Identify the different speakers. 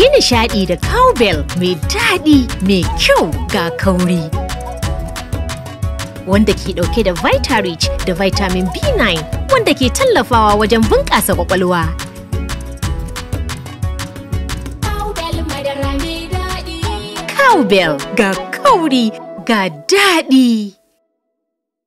Speaker 1: Yi nishaɗi da cowbell mai
Speaker 2: daɗi mai kyau ga kauri. Wanda ke ɗauke da Vitarich da vitamin B9 wanda ke tallafawa wajen bunƙasa ƙwaƙwalwa.
Speaker 3: Cowbell ga kauri ga daɗi.